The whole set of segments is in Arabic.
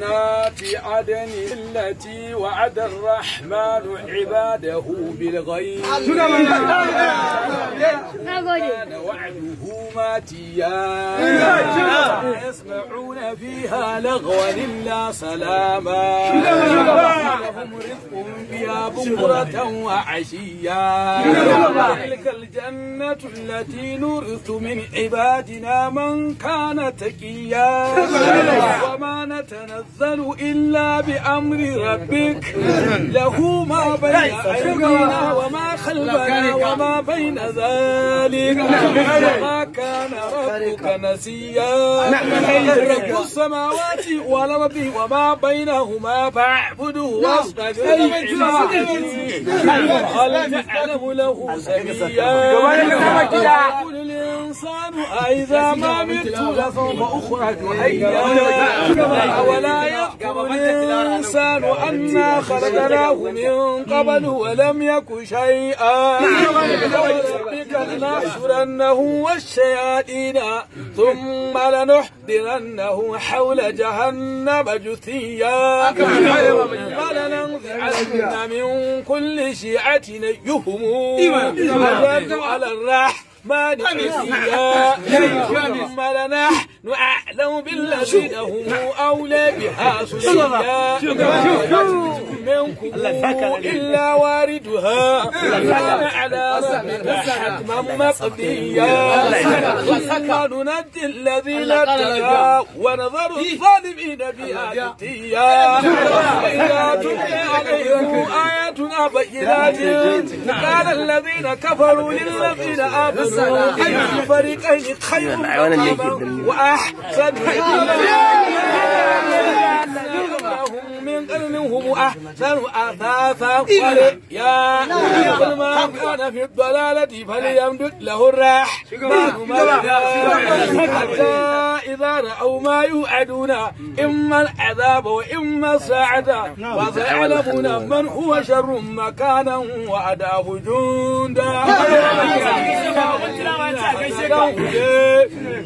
جنات عدن التي وعد الرحمن عباده بالغيب وعده ماتيا يسمعون فيها لغوا الا سلاما لهم بكرة وعشيا تلك الجنة التي نورث من عبادنا من كان تقيا وما نتنزل إلا بأمر ربك له ما بين أيدينا وما خلفنا وما بين ذلك وما وكان ربك نسيا نعم. رب السماوات والأرض وما بينهما فاعبده نعم. واصطبر نعم. هل تعلم له سميا الإنسان أإذا ما مت لسوف أخرج حيا أولا يذكر الإنسان أنا خلقناه من قبل ولم يك شيئا وربك لنحشرنه والشياطين ثم لنحضرنه حول جهنم جثيا ولننزعن من كل شيعة نيهم وجد على الرحم ما نسيا ثم لنحن أعلم بالذين هم أولى بها صليا منكم إلا واردها كان على ربك حتما مقضيا ثم ننجي الذين اتقوا ونذر الظالمين بها جثيا وإذا تتلى عليهم آياتنا بينات قال الذين كفروا للذين آمنوا أي الفريقين خير مقاما وأحسن حكما سلو أساسا يا كل ما كان في الضلالة فليمدد له الراح حتى إذا رأوا ما يوعدون إما العذاب وإما السعادة وسيعلمون من هو شر مكانا وأداه جندا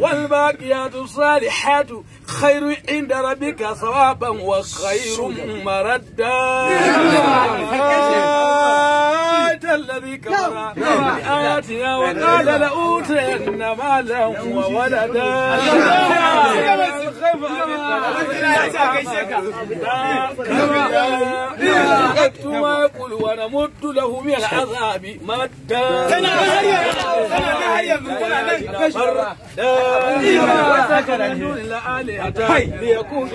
والباقيات الصالحات خير عند ربك ثوابا وخير مردا آية الذي كفر نعم. نعم. وقال نعم. لأوتين مالا وولدا ما يقول ونمد له من العذاب مدا برا وسكن النور الآلهة ليكون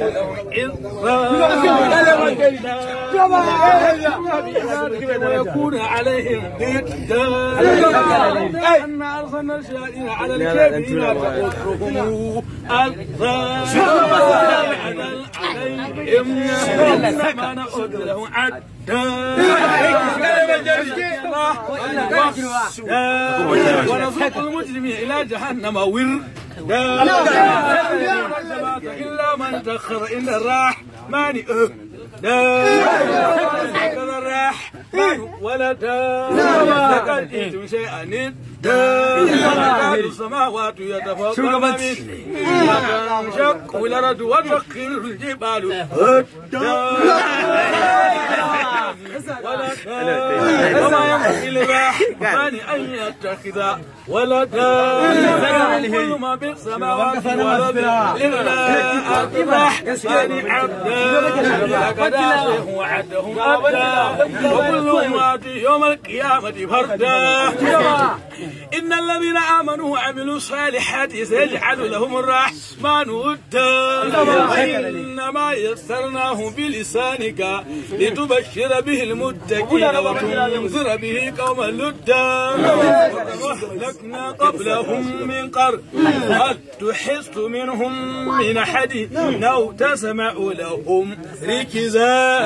ويكون عليهم أن أرسلنا الشاهدين على الكافرين فأتركهم الضالين إن إنما نعد لهم عد ونسوق المجرمين إلى جهنم وردا إلا من دخر إلى الرحمن أهدا نحمل إيه. ولدا وما تجد شيئا ملكات السماوات يتفطر منه وتنشق الارض وتسخر الجبال وما ينبغي للرحمن ان يتخذ ولدا كل ما في السماوات والارض لله الرحمن عبدا لقد اعطيه عبده ابدا يوم القيامة فردا إن الذين آمنوا وعملوا الصالحات سيجعل لهم الرحمن ودا وإنما يسرناه بلسانك لتبشر به المتقين وتنذر به قوما لدا أهلكنا قبلهم من قر هل تحس منهم من أحد أو تسمع لهم ركزا